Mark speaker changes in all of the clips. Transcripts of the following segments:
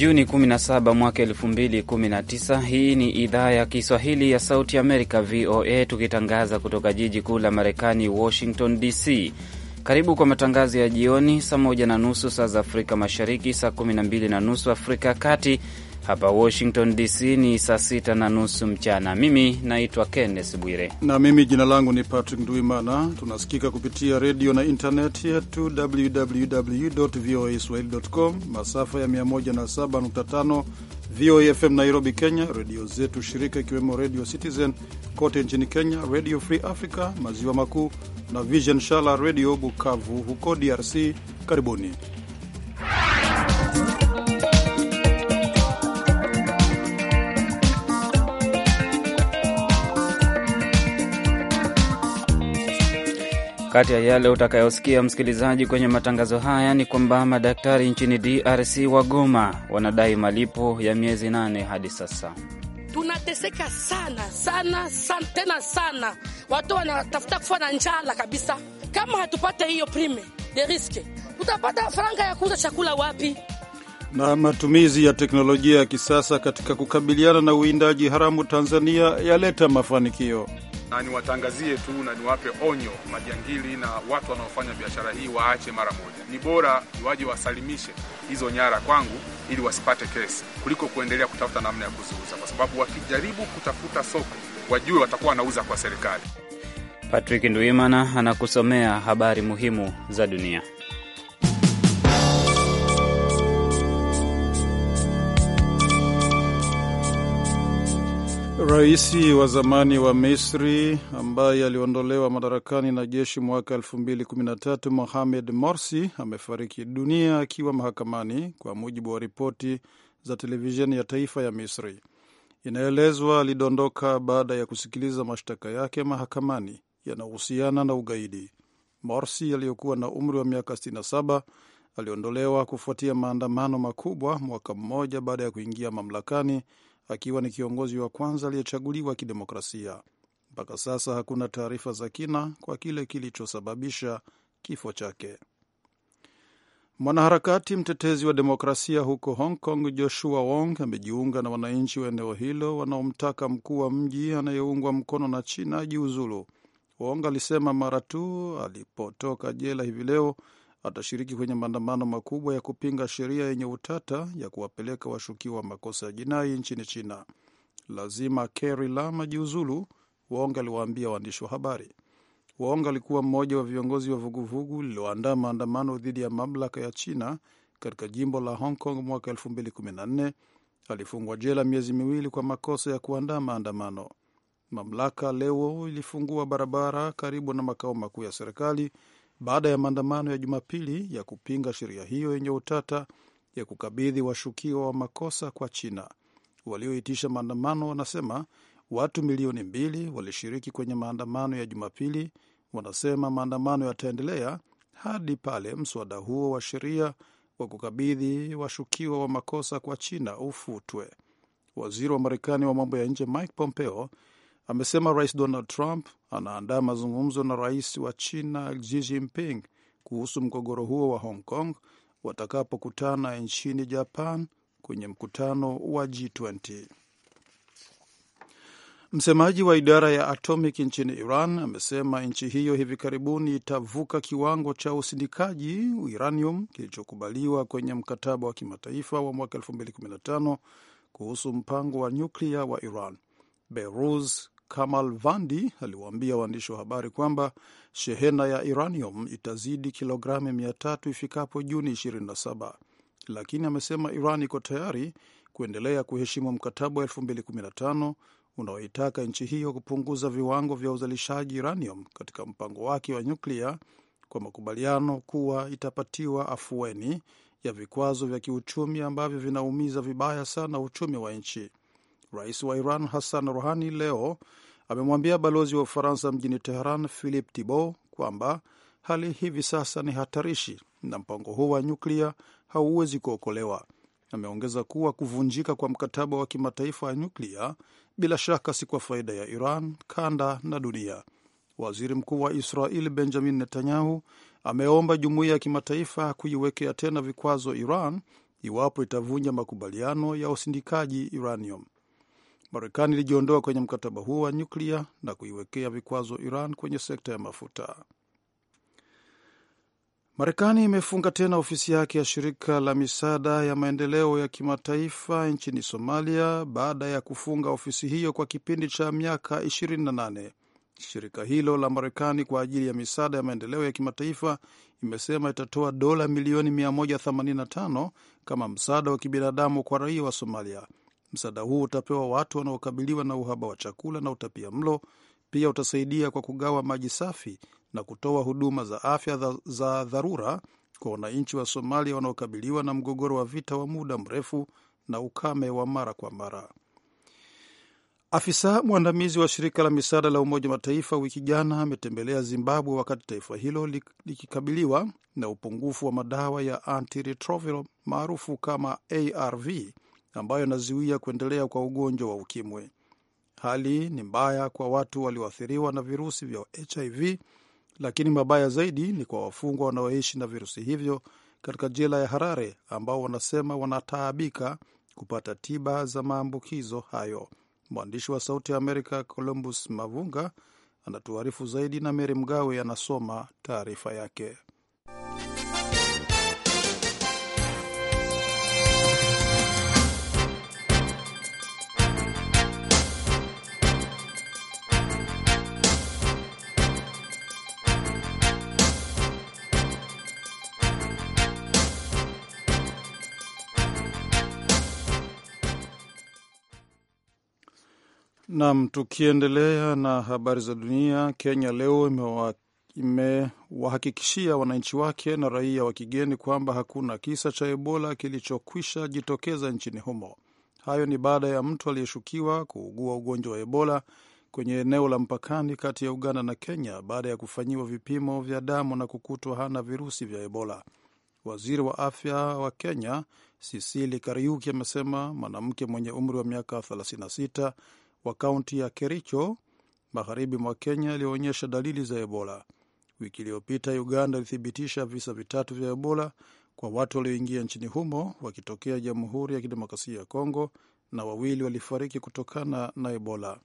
Speaker 1: Juni 17 mwaka 2019. Hii ni idhaa ya Kiswahili ya Sauti Amerika, VOA, tukitangaza kutoka jiji kuu la Marekani, Washington DC. Karibu kwa matangazo ya jioni, saa moja na nusu saa za Afrika Mashariki, saa 12 na nusu Afrika ya Kati hapa Washington DC ni saa sita na nusu mchana. Mimi naitwa Kenneth Bwire
Speaker 2: na mimi jina langu ni Patrick nduimana Tunasikika kupitia redio na intanet yetu www voa swahili com, masafa ya 107.5 VOA FM Nairobi, Kenya, redio zetu shirika ikiwemo Radio Citizen kote nchini Kenya, Radio Free Africa maziwa makuu na Vision Shala Radio Bukavu huko DRC. Karibuni.
Speaker 1: Kati ya yale utakayosikia msikilizaji, kwenye matangazo haya ni kwamba madaktari nchini DRC wagoma, wanadai malipo ya miezi nane hadi sasa.
Speaker 3: Tunateseka sana sana sana tena sana, watu wanatafuta kufa na njala kabisa. Kama hatupate hiyo prime de riske, tutapata faranga ya kuuza chakula
Speaker 4: wapi?
Speaker 2: Na matumizi ya teknolojia ya kisasa katika kukabiliana na uwindaji haramu Tanzania yaleta mafanikio
Speaker 4: na niwatangazie tu na niwape onyo majangili na watu wanaofanya biashara hii waache mara moja. Ni bora waje wasalimishe hizo nyara kwangu ili wasipate kesi, kuliko kuendelea kutafuta namna ya kuziuza, kwa sababu wakijaribu kutafuta soko wajue watakuwa wanauza kwa serikali.
Speaker 1: Patrick Ndwimana anakusomea habari muhimu za dunia.
Speaker 2: Rais wa zamani wa Misri ambaye aliondolewa madarakani na jeshi mwaka 2013 Mohamed Morsi amefariki dunia akiwa mahakamani, kwa mujibu wa ripoti za televisheni ya taifa ya Misri. Inaelezwa alidondoka baada ya kusikiliza mashtaka yake mahakamani yanayohusiana na ugaidi. Morsi aliyokuwa na umri wa miaka 67 aliondolewa kufuatia maandamano makubwa mwaka mmoja baada ya kuingia mamlakani akiwa ni kiongozi wa kwanza aliyechaguliwa kidemokrasia. Mpaka sasa hakuna taarifa za kina kwa kile kilichosababisha kifo chake. Mwanaharakati mtetezi wa demokrasia huko Hong Kong Joshua Wong amejiunga na wananchi wa eneo hilo wanaomtaka mkuu wa mji anayeungwa mkono na China ajiuzulu. Wong alisema mara tu alipotoka jela hivi leo atashiriki kwenye maandamano makubwa ya kupinga sheria yenye utata ya kuwapeleka washukiwa wa makosa ya jinai nchini China. Lazima Carrie Lam ajiuzulu, Wong aliwaambia waandishi wa habari. Wong alikuwa mmoja wa viongozi wa vuguvugu lililoandaa maandamano dhidi ya mamlaka ya China katika jimbo la Hong Kong mwaka 2014. Alifungwa jela miezi miwili kwa makosa ya kuandaa maandamano. Mamlaka leo ilifungua barabara karibu na makao makuu ya serikali baada ya maandamano ya Jumapili ya kupinga sheria hiyo yenye utata ya kukabidhi washukiwa wa makosa kwa China. Walioitisha maandamano wanasema watu milioni mbili walishiriki kwenye maandamano ya Jumapili. Wanasema maandamano yataendelea hadi pale mswada huo wa sheria wa kukabidhi washukiwa wa makosa kwa China ufutwe. Waziri wa Marekani wa mambo ya nje Mike Pompeo amesema Rais Donald Trump anaandaa mazungumzo na rais wa China Xi Jinping kuhusu mgogoro huo wa Hong Kong watakapokutana nchini Japan kwenye mkutano wa G20. Msemaji wa idara ya atomic nchini Iran amesema nchi hiyo hivi karibuni itavuka kiwango cha usindikaji uranium kilichokubaliwa kwenye mkataba wa kimataifa wa mwaka 2015 kuhusu mpango wa nyuklia wa Iran. Beiruz Kamal Vandi aliwaambia waandishi wa habari kwamba shehena ya uranium itazidi kilogramu tatu ifikapo Juni 27, lakini amesema Iran iko tayari kuendelea kuheshimu mkataba wa 2015 unaoitaka nchi hiyo kupunguza viwango vya uzalishaji uranium katika mpango wake wa nyuklia kwa makubaliano kuwa itapatiwa afueni ya vikwazo vya kiuchumi ambavyo vinaumiza vibaya sana uchumi wa nchi. Rais wa Iran Hassan Rouhani leo amemwambia balozi wa Ufaransa mjini Teheran Philip Thibault kwamba hali hivi sasa ni hatarishi na mpango huu wa nyuklia hauwezi kuokolewa. Ameongeza kuwa kuvunjika kwa mkataba wa kimataifa wa nyuklia bila shaka si kwa faida ya Iran, kanda na dunia. Waziri mkuu wa Israel Benjamin Netanyahu ameomba jumuiya ya kimataifa kuiwekea tena vikwazo Iran iwapo itavunja makubaliano ya usindikaji uranium. Marekani ilijiondoa kwenye mkataba huo wa nyuklia na kuiwekea vikwazo Iran kwenye sekta ya mafuta. Marekani imefunga tena ofisi yake ya shirika la misaada ya maendeleo ya kimataifa nchini Somalia baada ya kufunga ofisi hiyo kwa kipindi cha miaka 28. Shirika hilo la Marekani kwa ajili ya misaada ya maendeleo ya kimataifa imesema itatoa dola milioni 185 kama msaada wa kibinadamu kwa raia wa Somalia, Msaada huu utapewa watu wanaokabiliwa na uhaba wa chakula na utapia mlo. Pia utasaidia kwa kugawa maji safi na kutoa huduma za afya za dharura kwa wananchi wa Somalia wanaokabiliwa na mgogoro wa vita wa muda mrefu na ukame wa mara kwa mara. Afisa mwandamizi wa shirika la misaada la Umoja wa Mataifa wiki jana ametembelea Zimbabwe wakati taifa hilo likikabiliwa na upungufu wa madawa ya antiretroviral maarufu kama ARV ambayo inazuia kuendelea kwa ugonjwa wa ukimwi. Hali ni mbaya kwa watu walioathiriwa na virusi vya HIV, lakini mabaya zaidi ni kwa wafungwa wanaoishi na virusi hivyo katika jela ya Harare, ambao wanasema wanataabika kupata tiba za maambukizo hayo. Mwandishi wa Sauti ya Amerika Columbus Mavunga anatuarifu zaidi, na Meri Mgawe anasoma taarifa yake. Nam, tukiendelea na habari za dunia. Kenya leo imewahakikishia wananchi wake na raia wa kigeni kwamba hakuna kisa cha Ebola kilichokwisha jitokeza nchini humo. Hayo ni baada ya mtu aliyeshukiwa kuugua ugonjwa wa Ebola kwenye eneo la mpakani kati ya Uganda na Kenya baada ya kufanyiwa vipimo vya damu na kukutwa hana virusi vya Ebola. Waziri wa afya wa Kenya Sisili Kariuki amesema mwanamke mwenye umri wa miaka 36 wa kaunti ya Kericho magharibi mwa Kenya alioonyesha dalili za Ebola. Wiki iliyopita Uganda ilithibitisha visa vitatu vya Ebola kwa watu walioingia nchini humo wakitokea Jamhuri ya Kidemokrasia ya Kongo na wawili walifariki kutokana na Ebola.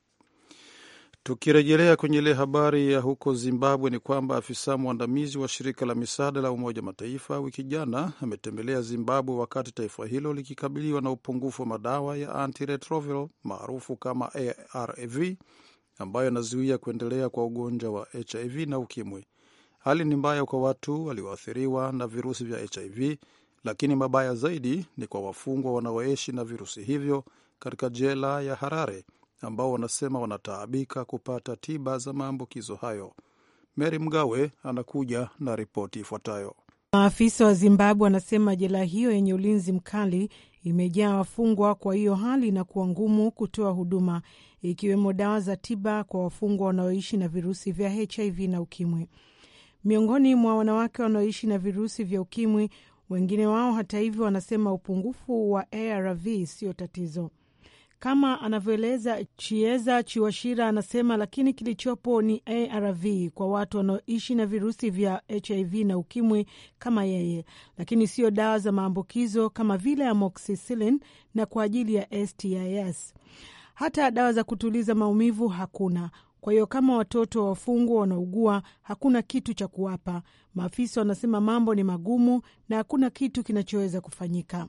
Speaker 2: Tukirejelea kwenye ile habari ya huko Zimbabwe ni kwamba afisa mwandamizi wa shirika la misaada la Umoja Mataifa wiki jana ametembelea Zimbabwe wakati taifa hilo likikabiliwa na upungufu wa madawa ya antiretroviral maarufu kama ARV ambayo yanazuia kuendelea kwa ugonjwa wa HIV na UKIMWI. Hali ni mbaya kwa watu walioathiriwa na virusi vya HIV, lakini mabaya zaidi ni kwa wafungwa wanaoishi na virusi hivyo katika jela ya Harare ambao wanasema wanataabika kupata tiba za maambukizo hayo. Mary Mgawe anakuja na ripoti ifuatayo.
Speaker 3: Maafisa wa Zimbabwe wanasema jela hiyo yenye ulinzi mkali imejaa wafungwa, kwa hiyo hali inakuwa ngumu kutoa huduma ikiwemo dawa za tiba kwa wafungwa wanaoishi na virusi vya HIV na ukimwi. Miongoni mwa wanawake wanaoishi na virusi vya ukimwi, wengine wao hata hivyo wanasema upungufu wa ARV siyo tatizo. Kama anavyoeleza Chieza Chiwashira, anasema lakini kilichopo ni ARV kwa watu wanaoishi na virusi vya HIV na ukimwi kama yeye, lakini siyo dawa za maambukizo kama vile amoxicillin na kwa ajili ya STIs. Hata dawa za kutuliza maumivu hakuna. Kwa hiyo kama watoto wafungwa wanaugua, hakuna kitu cha kuwapa. Maafisa wanasema mambo ni magumu na hakuna kitu kinachoweza kufanyika.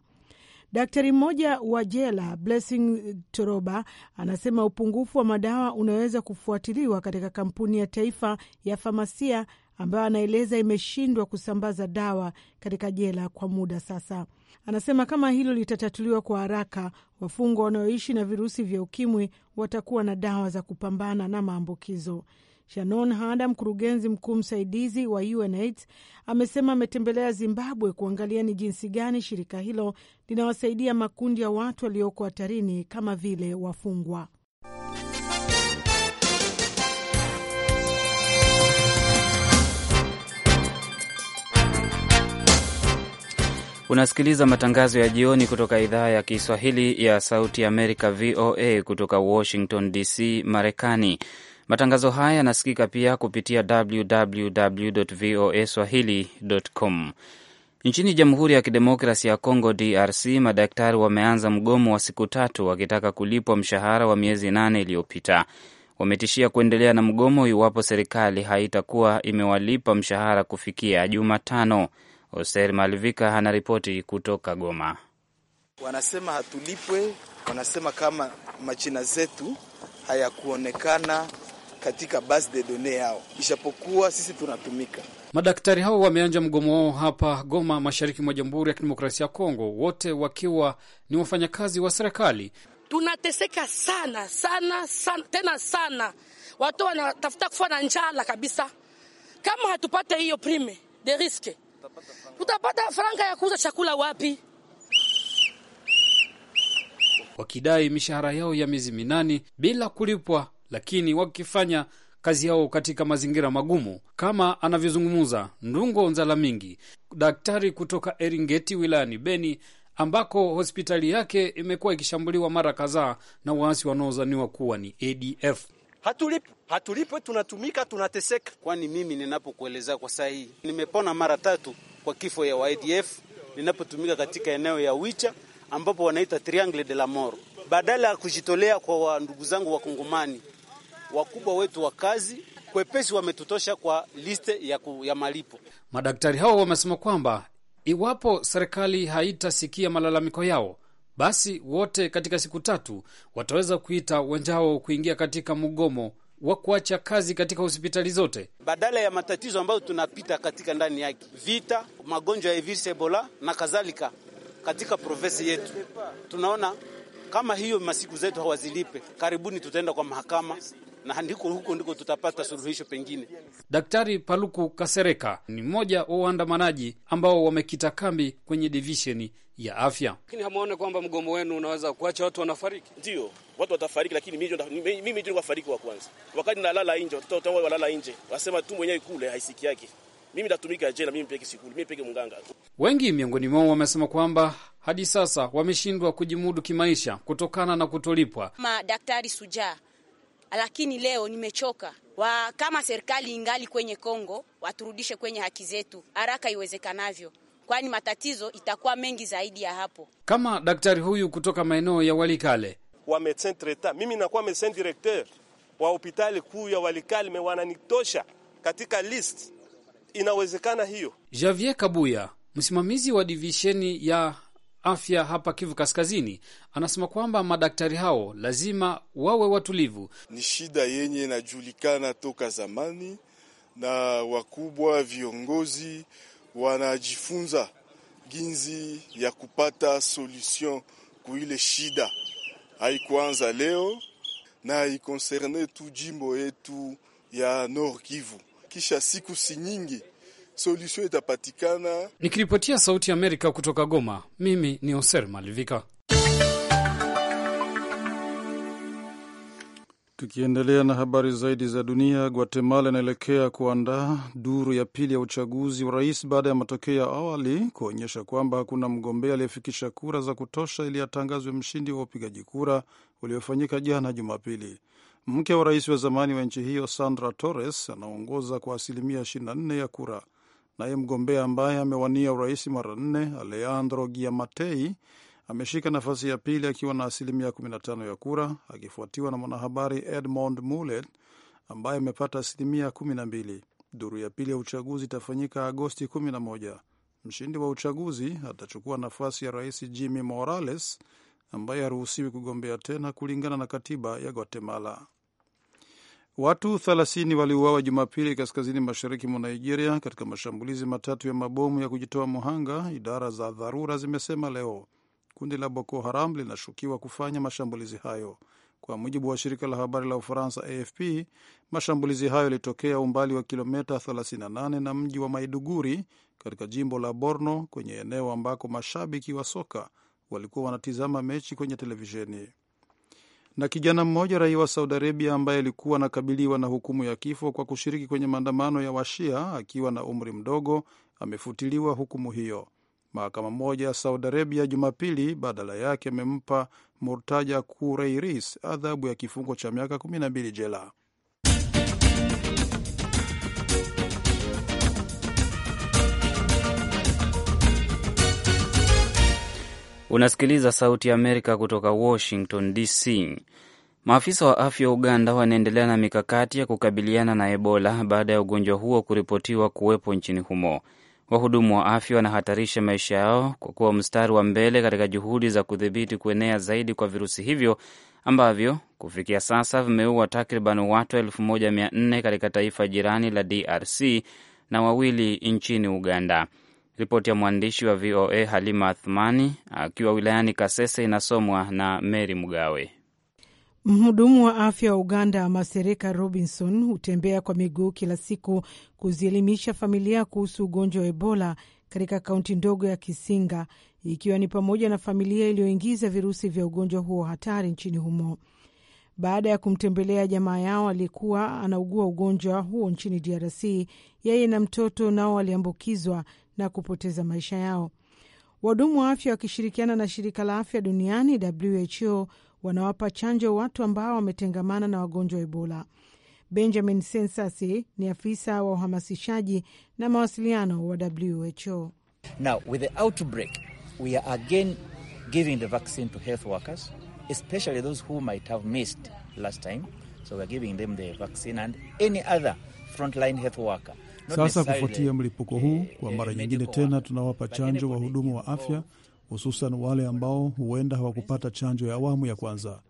Speaker 3: Daktari mmoja wa jela Blessing Toroba anasema upungufu wa madawa unaweza kufuatiliwa katika kampuni ya taifa ya famasia ambayo anaeleza imeshindwa kusambaza dawa katika jela kwa muda sasa. Anasema kama hilo litatatuliwa kwa haraka, wafungwa wanaoishi na virusi vya ukimwi watakuwa na dawa za kupambana na maambukizo. Shannon Hada, mkurugenzi mkuu msaidizi wa UNAIDS, amesema ametembelea Zimbabwe kuangalia ni jinsi gani shirika hilo linawasaidia makundi ya watu walioko hatarini kama vile wafungwa.
Speaker 1: Unasikiliza matangazo ya jioni kutoka idhaa ya Kiswahili ya Sauti ya Amerika, VOA, kutoka Washington DC, Marekani. Matangazo haya yanasikika pia kupitia www voa swahili.com. Nchini Jamhuri ya Kidemokrasi ya Kongo, DRC, madaktari wameanza mgomo wa siku tatu wakitaka kulipwa mshahara wa miezi nane iliyopita. Wametishia kuendelea na mgomo iwapo serikali haitakuwa imewalipa mshahara kufikia Jumatano. Oser Malvika anaripoti kutoka Goma.
Speaker 5: Wanasema hatulipwe, wanasema kama majina zetu hayakuonekana katika base de donne yao, ishapokuwa sisi
Speaker 6: tunatumika. Madaktari hao wameanja mgomo wao hapa Goma, mashariki mwa Jamhuri ya Kidemokrasia ya Kongo, wote wakiwa ni wafanyakazi wa serikali.
Speaker 3: Tunateseka sana sana sana tena sana, watu wanatafuta kufa na njala kabisa. Kama hatupate hiyo prime de risque, tutapata faranga ya kuuza chakula wapi?
Speaker 6: Wakidai mishahara yao ya miezi minane bila kulipwa lakini wakifanya kazi yao katika mazingira magumu, kama anavyozungumza Ndungo nzala mingi daktari kutoka Eringeti wilayani Beni, ambako hospitali yake imekuwa ikishambuliwa mara kadhaa na waasi wanaozaniwa kuwa ni ADF. Hatulipo, hatulipo, tunatumika, tunateseka. Kwani mimi
Speaker 5: ninapokueleza kwa saa hii nimepona mara tatu kwa kifo ya ADF ninapotumika katika eneo ya Wicha ambapo wanaita Triangle de la Mort, badala ya kujitolea kwa wandugu zangu Wakongomani wakubwa wetu wa kazi kwepesi wametutosha kwa liste
Speaker 6: ya, ku, ya malipo. Madaktari hao wamesema kwamba iwapo serikali haitasikia malalamiko yao, basi wote katika siku tatu wataweza kuita wenzao kuingia katika mgomo wa kuacha kazi katika hospitali zote, badala ya matatizo
Speaker 5: ambayo tunapita katika ndani yake, vita, magonjwa ya virusi Ebola na kadhalika katika provinsi yetu. Tunaona kama hiyo masiku zetu hawazilipe, karibuni tutaenda kwa mahakama na ndiko huko ndiko tutapata suluhisho pengine.
Speaker 6: Daktari Paluku Kasereka ni mmoja wa waandamanaji ambao wamekita kambi kwenye divisheni ya afya. Lakini hamwone kwamba mgomo wenu unaweza kuacha watu wanafariki? Ndio, watu watafariki, lakini
Speaker 5: mimi ndio wafariki wa kwanza. Wakati nalala nje, watoto wao walala nje, wasema tu mwenyewe kule haisiki yake mimi natumika jela, mimi peke sikuli, mimi peke mganga.
Speaker 6: Wengi miongoni mwao wamesema kwamba hadi sasa wameshindwa kujimudu kimaisha kutokana na kutolipwa.
Speaker 3: Madaktari Sujaa lakini leo nimechoka wa, kama serikali ingali kwenye Kongo waturudishe kwenye haki zetu haraka iwezekanavyo, kwani matatizo itakuwa mengi zaidi
Speaker 4: ya hapo.
Speaker 6: Kama daktari huyu kutoka maeneo ya Walikale
Speaker 4: wa medecin traitant, mimi nakuwa medecin directeur wa hospitali kuu ya Walikale, me wananitosha katika list, inawezekana hiyo.
Speaker 6: Javier Kabuya, msimamizi wa divisheni ya afya hapa Kivu Kaskazini, anasema kwamba madaktari hao lazima wawe
Speaker 4: watulivu. Ni shida yenye inajulikana toka zamani, na wakubwa viongozi wanajifunza ginzi ya kupata solution kuile shida. Haikuanza leo na haikonserne tu jimbo yetu ya Nord Kivu, kisha siku si
Speaker 2: nyingi solution itapatikana.
Speaker 6: Nikiripotia Sauti ya Amerika kutoka Goma, mimi
Speaker 2: ni Oser Malivika. Tukiendelea na habari zaidi za dunia, Guatemala inaelekea kuandaa duru ya pili ya uchaguzi wa rais baada ya matokeo ya awali kuonyesha kwamba hakuna mgombea aliyefikisha kura za kutosha ili atangazwe mshindi wa upigaji kura uliofanyika jana Jumapili. Mke wa rais wa zamani wa nchi hiyo Sandra Torres anaongoza kwa asilimia 24 ya kura. Naye mgombea ambaye amewania urais mara nne Alejandro Giamatei ameshika nafasi ya pili akiwa na asilimia 15 ya kura, akifuatiwa na mwanahabari Edmond Mulet ambaye amepata asilimia 12. Duru ya pili ya uchaguzi itafanyika Agosti 11. Mshindi wa uchaguzi atachukua nafasi ya rais Jimmy Morales ambaye haruhusiwi kugombea tena kulingana na katiba ya Guatemala. Watu 30 waliuawa Jumapili kaskazini mashariki mwa Nigeria katika mashambulizi matatu ya mabomu ya kujitoa muhanga, idara za dharura zimesema leo. Kundi la Boko Haram linashukiwa kufanya mashambulizi hayo. Kwa mujibu wa shirika la habari la Ufaransa, AFP, mashambulizi hayo yalitokea umbali wa kilomita 38 na mji wa Maiduguri katika jimbo la Borno, kwenye eneo ambako mashabiki wa soka walikuwa wanatizama mechi kwenye televisheni na kijana mmoja raia wa Saudi Arabia ambaye alikuwa anakabiliwa na hukumu ya kifo kwa kushiriki kwenye maandamano ya Washia akiwa na umri mdogo amefutiliwa hukumu hiyo. Mahakama moja ya Saudi Arabia Jumapili badala yake amempa Murtaja Kureiris adhabu ya kifungo cha miaka 12 jela.
Speaker 1: Unasikiliza Sauti ya Amerika kutoka Washington DC. Maafisa wa afya wa Uganda wanaendelea na mikakati ya kukabiliana na Ebola baada ya ugonjwa huo kuripotiwa kuwepo nchini humo. Wahudumu wa afya wanahatarisha maisha yao kwa kuwa mstari wa mbele katika juhudi za kudhibiti kuenea zaidi kwa virusi hivyo ambavyo kufikia sasa vimeua takriban watu 1400 katika taifa jirani la DRC na wawili nchini Uganda. Ripoti ya mwandishi wa VOA Halima Athmani akiwa wilayani Kasese inasomwa na Meri Mgawe.
Speaker 3: Mhudumu wa afya wa Uganda Masereka Robinson hutembea kwa miguu kila siku kuzielimisha familia kuhusu ugonjwa wa Ebola katika kaunti ndogo ya Kisinga, ikiwa ni pamoja na familia iliyoingiza virusi vya ugonjwa huo hatari nchini humo. Baada ya kumtembelea jamaa yao aliyekuwa anaugua ugonjwa huo nchini DRC, yeye na mtoto nao waliambukizwa na kupoteza maisha yao. Wahudumu wa afya wakishirikiana na shirika la afya duniani WHO wanawapa chanjo watu ambao wametengamana na wagonjwa wa Ebola. Benjamin Sensasi ni afisa wa uhamasishaji na mawasiliano wa WHO.
Speaker 7: Now, with the outbreak, we are again giving the vaccine to health workers, especially those who might have missed last
Speaker 1: time. So we are giving them the vaccine and any other frontline health worker sasa kufuatia
Speaker 2: mlipuko huu, eh, kwa eh, mara nyingine tena tunawapa chanjo wahudumu wa afya, hususan wale ambao huenda hawakupata chanjo ya awamu ya kwanza.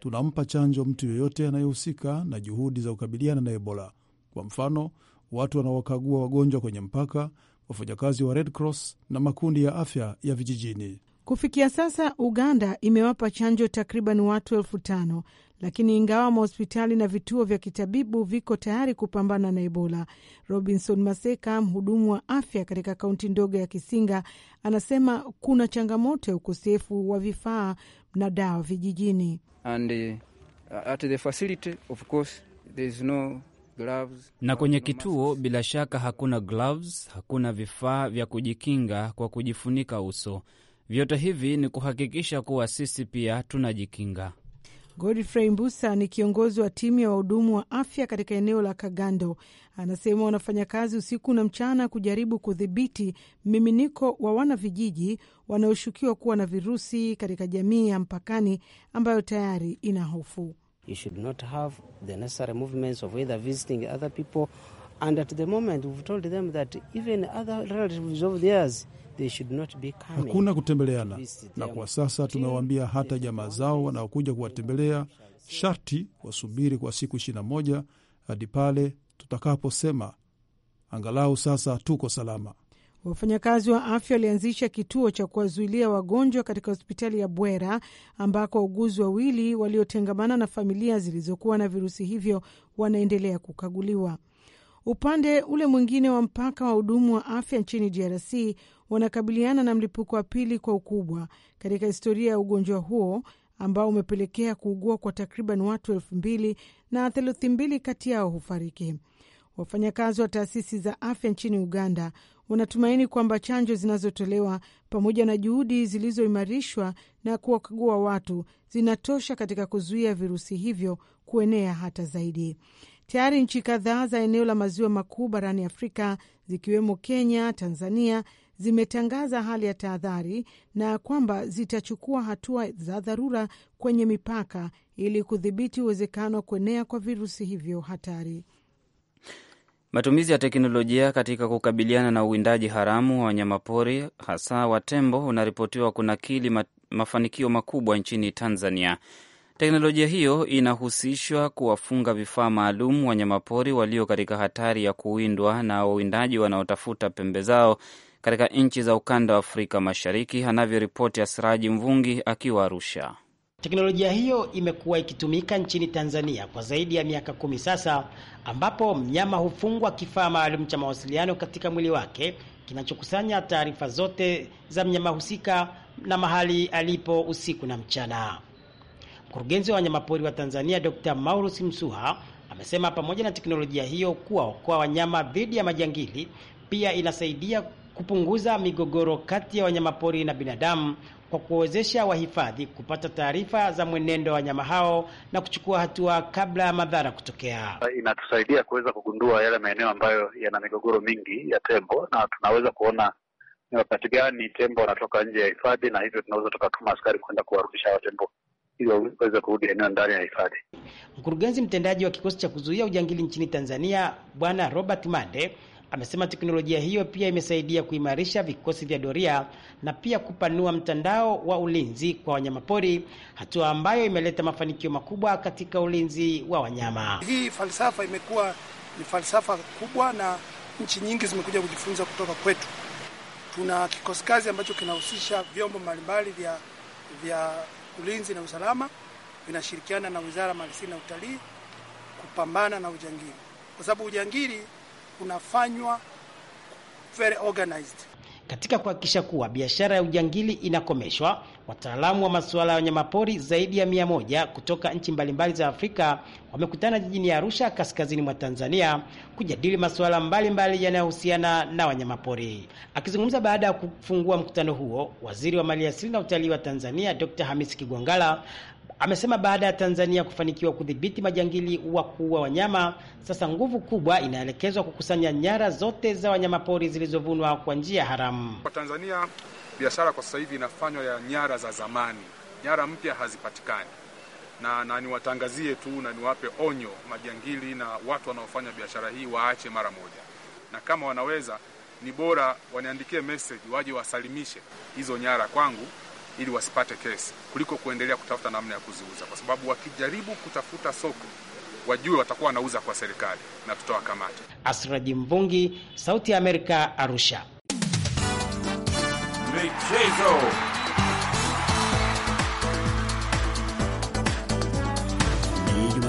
Speaker 2: Tunampa chanjo mtu yeyote anayehusika na juhudi za kukabiliana na Ebola, kwa mfano watu wanaokagua wagonjwa kwenye mpaka, wafanyakazi wa Red Cross na makundi ya afya ya vijijini.
Speaker 3: Kufikia sasa Uganda imewapa chanjo takriban watu elfu tano lakini ingawa mahospitali na vituo vya kitabibu viko tayari kupambana na Ebola, Robinson Maseka, mhudumu wa afya katika kaunti ndogo ya Kisinga, anasema kuna changamoto ya ukosefu wa vifaa na dawa vijijini.
Speaker 1: And, uh, Gloves, na kwenye kituo bila shaka hakuna gloves, hakuna vifaa vya kujikinga kwa kujifunika uso. Vyote hivi ni kuhakikisha kuwa sisi pia tunajikinga.
Speaker 3: Godfrey Mbusa ni kiongozi wa timu ya wahudumu wa afya katika eneo la Kagando. Anasema wanafanya kazi usiku na mchana kujaribu kudhibiti mmiminiko wa wanavijiji wanaoshukiwa kuwa na virusi katika jamii ya mpakani ambayo tayari ina hofu. And at the moment we've told them that even other relatives of theirs they should not be coming. Hakuna
Speaker 2: kutembeleana, na kwa sasa tumewaambia hata jamaa zao wanaokuja kuwatembelea sharti wasubiri kwa siku ishirini na moja hadi pale tutakaposema angalau sasa tuko salama.
Speaker 3: Wafanyakazi wa afya walianzisha kituo cha kuwazuilia wagonjwa katika hospitali ya Bwera ambako wauguzi wawili waliotengamana na familia zilizokuwa na virusi hivyo wanaendelea kukaguliwa. Upande ule mwingine wa mpaka, wa hudumu wa afya nchini DRC wanakabiliana na mlipuko wa pili kwa ukubwa katika historia ya ugonjwa huo ambao umepelekea kuugua kwa takriban watu elfu mbili na theluthi mbili kati yao hufariki. Wafanyakazi wa taasisi za afya nchini Uganda wanatumaini kwamba chanjo zinazotolewa pamoja na juhudi zilizoimarishwa na kuwakagua watu zinatosha katika kuzuia virusi hivyo kuenea hata zaidi. Tayari nchi kadhaa za eneo la maziwa makuu barani Afrika zikiwemo Kenya, Tanzania zimetangaza hali ya tahadhari na kwamba zitachukua hatua za dharura kwenye mipaka ili kudhibiti uwezekano wa kuenea kwa virusi hivyo hatari.
Speaker 1: Matumizi ya teknolojia katika kukabiliana na uwindaji haramu wa wanyamapori hasa wa tembo unaripotiwa kunakili mafanikio makubwa nchini Tanzania. Teknolojia hiyo inahusishwa kuwafunga vifaa maalum wanyamapori walio katika hatari ya kuwindwa na wawindaji wanaotafuta pembe zao katika nchi za ukanda wa Afrika Mashariki, anavyoripoti Asiraji Mvungi akiwa Arusha.
Speaker 8: Teknolojia hiyo imekuwa ikitumika nchini Tanzania kwa zaidi ya miaka kumi sasa, ambapo mnyama hufungwa kifaa maalum cha mawasiliano katika mwili wake kinachokusanya taarifa zote za mnyama husika na mahali alipo usiku na mchana. Mkurugenzi wa wanyamapori wa Tanzania Dr. Maurus Msuha amesema pamoja na teknolojia hiyo kuwaokoa wanyama dhidi ya majangili, pia inasaidia kupunguza migogoro kati ya wanyamapori na binadamu kwa kuwezesha wahifadhi kupata taarifa za mwenendo wa wanyama hao na kuchukua hatua kabla ya madhara kutokea.
Speaker 9: Inatusaidia kuweza kugundua yale maeneo ambayo yana migogoro mingi ya tembo, na tunaweza kuona ni wakati gani tembo wanatoka nje ya hifadhi, na hivyo tunaweza tukatuma askari kwenda kuwarudisha hawa tembo ili waweze kurudi eneo ndani ya hifadhi.
Speaker 8: Mkurugenzi mtendaji wa kikosi cha kuzuia ujangili nchini Tanzania Bwana Robert Mande amesema teknolojia hiyo pia imesaidia kuimarisha vikosi vya doria na pia kupanua mtandao wa ulinzi kwa wanyamapori, hatua ambayo imeleta mafanikio makubwa katika ulinzi
Speaker 2: wa wanyama. Hii falsafa imekuwa ni falsafa kubwa, na nchi nyingi zimekuja kujifunza kutoka kwetu. Tuna kikosi kazi ambacho kinahusisha vyombo mbalimbali vya vya ulinzi na usalama vinashirikiana na wizara ya maliasili na utalii kupambana na ujangili, kwa sababu ujangili unafanywa very organized.
Speaker 8: Katika kuhakikisha kuwa biashara ya ujangili inakomeshwa, wataalamu wa masuala ya wanyamapori zaidi ya mia moja kutoka nchi mbalimbali za Afrika wamekutana jijini Arusha, kaskazini mwa Tanzania, kujadili masuala mbalimbali yanayohusiana na wanyamapori. Akizungumza baada ya kufungua mkutano huo, waziri wa maliasili na utalii wa Tanzania Dr. Hamis Kigwangala Amesema baada ya Tanzania kufanikiwa kudhibiti majangili wa kuua wanyama, sasa nguvu kubwa inaelekezwa kukusanya nyara zote za wanyamapori zilizovunwa kwa njia haramu.
Speaker 4: Kwa Tanzania, biashara kwa sasa hivi inafanywa ya nyara za zamani, nyara mpya hazipatikani. Na, na niwatangazie tu na niwape onyo majangili na watu wanaofanya biashara hii waache mara moja, na kama wanaweza ni bora waniandikie message waje wasalimishe hizo nyara kwangu ili wasipate kesi kuliko kuendelea kutafuta namna ya kuziuza, kwa sababu wakijaribu kutafuta soko wajue watakuwa wanauza kwa serikali na tutawakamata.
Speaker 8: Asraji Mvungi, Sauti ya Amerika, Arusha.
Speaker 1: Michezo.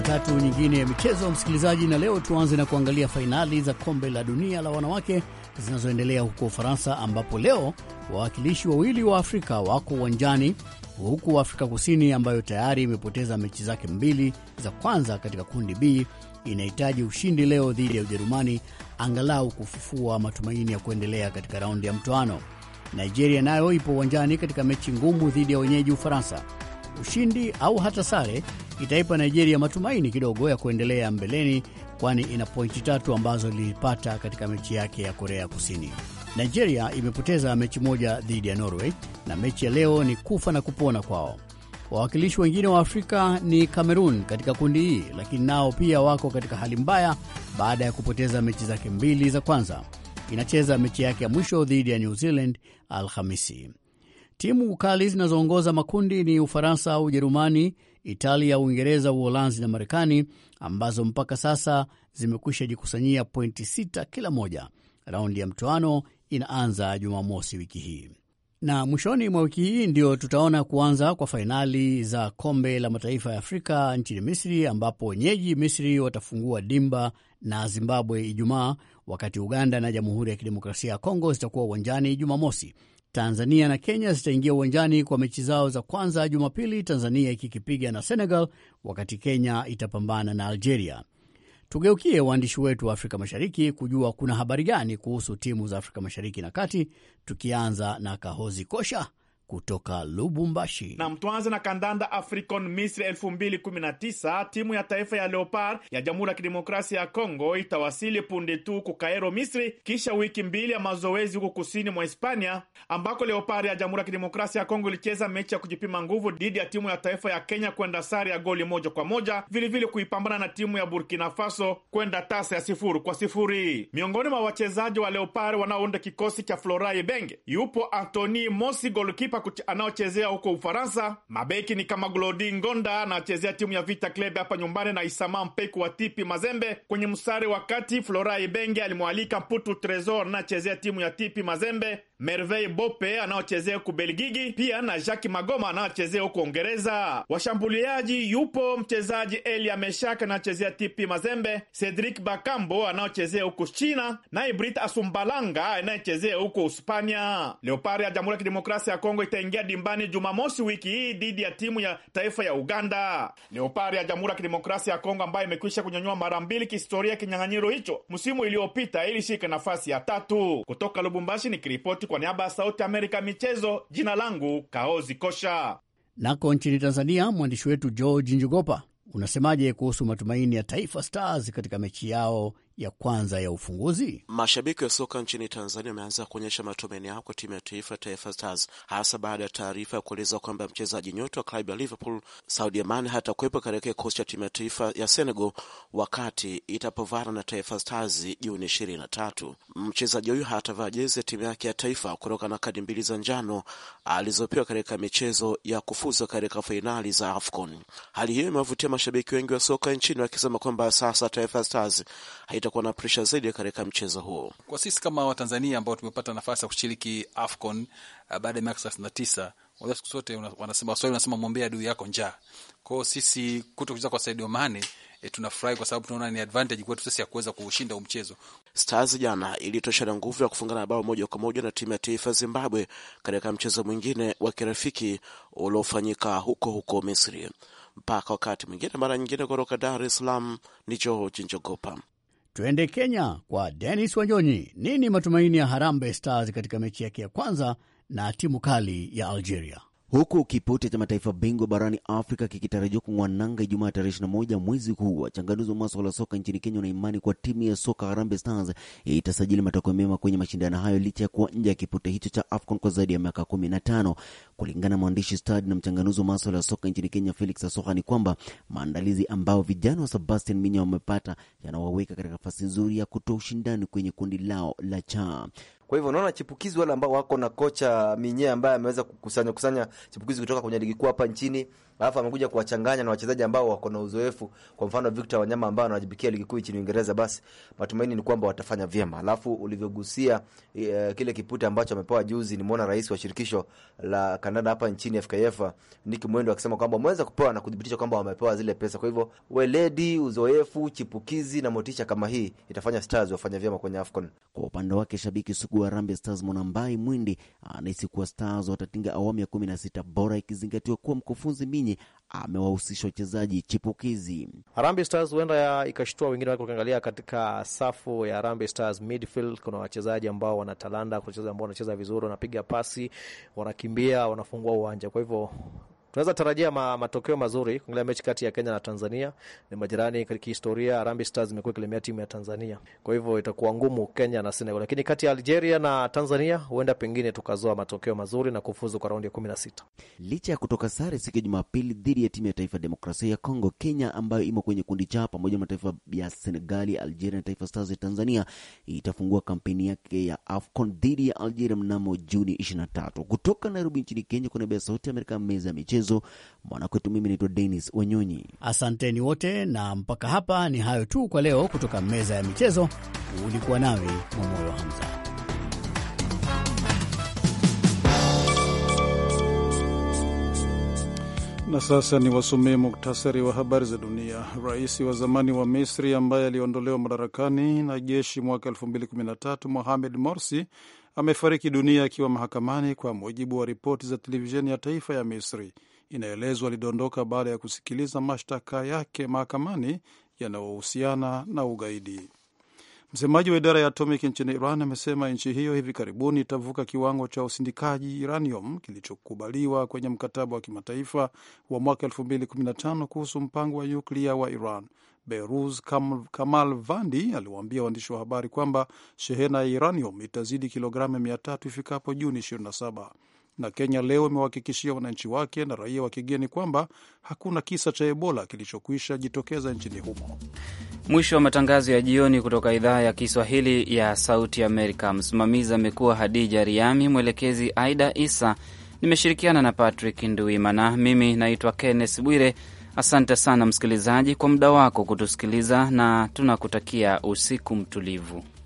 Speaker 9: tatu nyingine ya michezo, msikilizaji, na leo tuanze na kuangalia fainali za kombe la dunia la wanawake zinazoendelea huko Ufaransa, ambapo leo wawakilishi wawili wa Afrika wako uwanjani, huku Afrika Kusini ambayo tayari imepoteza mechi zake mbili za kwanza katika kundi B inahitaji ushindi leo dhidi ya Ujerumani angalau kufufua matumaini ya kuendelea katika raundi ya mtoano. Nigeria nayo ipo uwanjani katika mechi ngumu dhidi ya wenyeji Ufaransa. Ushindi au hata sare itaipa Nigeria matumaini kidogo ya kuendelea mbeleni, kwani ina pointi tatu ambazo ilipata katika mechi yake ya Korea Kusini. Nigeria imepoteza mechi moja dhidi ya Norway na mechi ya leo ni kufa na kupona kwao. Wawakilishi wengine wa Afrika ni Cameroon katika kundi hii, e, lakini nao pia wako katika hali mbaya baada ya kupoteza mechi zake mbili za kwanza. Inacheza mechi yake ya mwisho dhidi ya New Zealand Alhamisi. Timu kali zinazoongoza makundi ni Ufaransa au Ujerumani, Italia, Uingereza, Uholanzi na Marekani, ambazo mpaka sasa zimekwisha jikusanyia pointi sita kila moja. Raundi ya mtoano inaanza Jumamosi wiki hii, na mwishoni mwa wiki hii ndio tutaona kuanza kwa fainali za kombe la mataifa ya Afrika nchini Misri, ambapo wenyeji Misri watafungua dimba na Zimbabwe Ijumaa, wakati Uganda na Jamhuri ya Kidemokrasia ya Kongo zitakuwa uwanjani Jumamosi. Tanzania na Kenya zitaingia uwanjani kwa mechi zao za kwanza Jumapili, Tanzania ikikipiga na Senegal wakati Kenya itapambana na Algeria. Tugeukie waandishi wetu wa Afrika Mashariki kujua kuna habari gani kuhusu timu za Afrika Mashariki na Kati, tukianza na Kahozi Kosha kutoka Lubumbashi.
Speaker 4: Na mtwanze na kandanda African Misri 2019 timu ya taifa ya Leopard ya Jamhuri ya Kidemokrasia ya Kongo itawasili punde tu ku Kairo, Misri, kisha wiki mbili ya mazoezi huko kusini mwa Hispania, ambako Leopard ya Jamhuri ya Kidemokrasia ya Kongo ilicheza mechi ya kujipima nguvu dhidi ya timu ya taifa ya Kenya kwenda sare ya goli moja kwa moja, vilevile kuipambana na timu ya Burkina Faso kwenda tasa ya sifuri kwa sifuri. Miongoni mwa wachezaji wa Leopard wanaounda kikosi cha Florai Benge yupo Antoni Mosi, golkipa hapa anaochezea huko Ufaransa. Mabeki ni kama Glodi Ngonda anachezea timu ya Vita Club hapa nyumbani na Isama Mpeku wa Tipi Mazembe kwenye mstari, wakati Flora Ibenge alimwalika Mputu Tresor anachezea timu ya Tipi Mazembe Merveille Bope anayochezea huku Belgigi, pia na Jacques Magoma anayochezea huku Uingereza. Washambuliaji yupo mchezaji Elia Meshak anayochezea TP Mazembe, Cedric Bakambo anayochezea huku China na Ibrit Asumbalanga anayechezea huko Uspania. Leopard ya Jamhuri ya Kidemokrasia ya Kongo itaingia dimbani Jumamosi wiki hii dhidi ya timu ya taifa ya Uganda. Leopard ya Jamhuri ya Kidemokrasia ya Kongo ambayo imekwisha kunyanyua mara mbili kihistoria kinyang'anyiro hicho msimu iliyopita, ilishika nafasi ya tatu. Kutoka Lubumbashi ni kiripoti wetu. Kwa niaba ya Sauti Amerika michezo, jina langu Kaozi Kosha.
Speaker 9: Nako nchini Tanzania, mwandishi wetu George Njogopa, unasemaje kuhusu matumaini ya Taifa Stars katika mechi yao ya kwanza ya ufunguzi.
Speaker 5: Mashabiki wa soka nchini Tanzania wameanza kuonyesha matumaini yao kwa timu ya taifa Taifa Stars, hasa baada ya taarifa ya kueleza kwamba mchezaji nyota wa klabu ya Liverpool Saudi Mane hatakuwepo katika kikosi cha timu ya taifa ya Senegal wakati itapovana na Taifa Stars Juni ishirini na tatu. Mchezaji huyu hatavaa jezi ya timu yake ya taifa kutoka na kadi mbili za njano alizopewa katika michezo ya kufuzwa katika fainali za AFCON. Hali hiyo imewavutia mashabiki wengi wa soka nchini wakisema kwamba sasa Taifa Stars haita itakuwa na presha zaidi katika mchezo huo.
Speaker 2: Kwa sisi kama Watanzania ambao tumepata nafasi ya kushiriki AFCON uh, baada ya miaka thelathini na tisa siku zote wanasema Waswahili wanasema mwombea adui yako njaa. Kwao sisi kuto kucheza kwa Sadio Mane e, eh, tunafurahi kwa sababu tunaona ni advantage kwetu sisi ya kuweza kushinda huu mchezo.
Speaker 5: Stars jana ilitosha na nguvu ya kufungana bao moja kwa moja na timu ya taifa Zimbabwe katika mchezo mwingine wa kirafiki uliofanyika huko huko Misri. Mpaka wakati mwingine, mara nyingine, kutoka Dar es Salaam ni George Njogopa.
Speaker 9: Twende Kenya kwa Denis Wanyonyi. Nini matumaini ya Harambee Stars katika mechi yake ya kwanza na timu kali ya Algeria?
Speaker 7: huku kipote cha mataifa bingwa barani Afrika kikitarajiwa kungwananga nanga Ijumaa tarehe moja mwezi huu, wachanganuzi wa maswala ya soka nchini Kenya wanaimani kwa timu ya soka Harambee Stars itasajili matokeo mema kwenye mashindano hayo licha ya kuwa nje ya kipote hicho cha AFCON kwa zaidi ya miaka tano Kulingana na mwandishi Stad na mchanganuzi wa maswala ya soka nchini Kenya Felix Asoka ni kwamba maandalizi ambao vijana wa Sebastian Minya wamepata yanawaweka katika nafasi nzuri ya kutoa ushindani kwenye kundi lao la cha kwa hivyo unaona chipukizi wale ambao wako na kocha Minye ambaye ameweza kukusanya kusanya chipukizi kutoka kwenye ligi kuu hapa nchini alafu amekuja kuwachanganya na wachezaji ambao wako na uzoefu, kwa mfano Victor Wanyama ambao anawajibikia ligi kuu nchini Uingereza, basi matumaini ni kwamba watafanya vyema. Alafu ulivyogusia e, kile kipute ambacho amepewa juzi, nimeona rais wa shirikisho la kandanda hapa nchini FKF Nick Mwendo akisema kwamba wameweza kupewa na kudhibitisha kwamba wamepewa zile pesa. Kwa hivyo weledi, uzoefu, chipukizi na motisha kama hii itafanya Stars wafanya vyema kwenye AFCON. Kwa upande wake, shabiki sugu wa Rambe Stars Mwanambai Mwindi anahisi kuwa Stars watatinga awamu ya kumi na sita bora ikizingatiwa kuwa mkufunzi Minyi Mwinyi amewahusisha wachezaji chipukizi.
Speaker 5: Harambee Stars huenda ikashtua wengine wake. Ukiangalia katika safu ya Harambee Stars midfield, kuna wachezaji ambao wana talanta, wachezaji ambao wanacheza vizuri, wanapiga pasi, wanakimbia, wanafungua uwanja. Kwa hivyo tunaweza tarajia ma, matokeo mazuri kuangalia mechi kati ya Kenya na Tanzania. Ni majirani kihistoria, Harambee Stars imekuwa ikilemea timu ya Tanzania, kwa hivyo itakuwa ngumu Kenya na Senegal, lakini kati ya Algeria na Tanzania huenda pengine tukazoa matokeo mazuri na kufuzu kwa raundi ya kumi na sita.
Speaker 7: Licha ya kutoka sare siku ya Jumapili dhidi ya timu ya taifa ya demokrasia ya Kongo, Kenya ambayo imo kwenye kundi cha pamoja na mataifa ya Senegali, Algeria na Taifa Stars ya Tanzania itafungua kampeni yake ya AFCON dhidi ya Algeria mnamo Juni 23 kutoka Nairobi nchini Kenya. Kwa niaba ya Sauti ya Amerika, meza ya michezo michezo mwanakwetu. Mimi naitwa Denis Wanyonyi,
Speaker 9: asanteni wote, na mpaka hapa ni hayo tu kwa leo. Kutoka meza ya michezo, ulikuwa nawe Mwamoyo Hamza.
Speaker 2: Na sasa ni wasomee muktasari wa habari za dunia. Rais wa zamani wa Misri ambaye aliondolewa madarakani na jeshi mwaka 2013 Mohamed Morsi amefariki dunia akiwa mahakamani, kwa mujibu wa ripoti za televisheni ya taifa ya Misri inaelezwa alidondoka baada ya kusikiliza mashtaka yake mahakamani yanayohusiana na ugaidi. Msemaji wa idara ya atomic nchini Iran amesema nchi hiyo hivi karibuni itavuka kiwango cha usindikaji uranium kilichokubaliwa kwenye mkataba wa kimataifa wa mwaka 2015 kuhusu mpango wa nyuklia wa Iran. Beruz Kamal Vandi aliwaambia waandishi wa habari kwamba shehena ya uranium itazidi kilogramu 300 ifikapo Juni 27 na Kenya leo imewahakikishia wananchi wake na raia wa kigeni kwamba hakuna kisa cha Ebola kilichokwisha jitokeza nchini humo.
Speaker 1: Mwisho wa matangazo ya jioni kutoka idhaa ya Kiswahili ya Sauti Amerika. Msimamizi amekuwa Hadija Riami, mwelekezi Aida Isa, nimeshirikiana na Patrick Nduimana. Mimi naitwa Kenneth Bwire. Asante sana msikilizaji kwa muda wako kutusikiliza, na tunakutakia usiku mtulivu.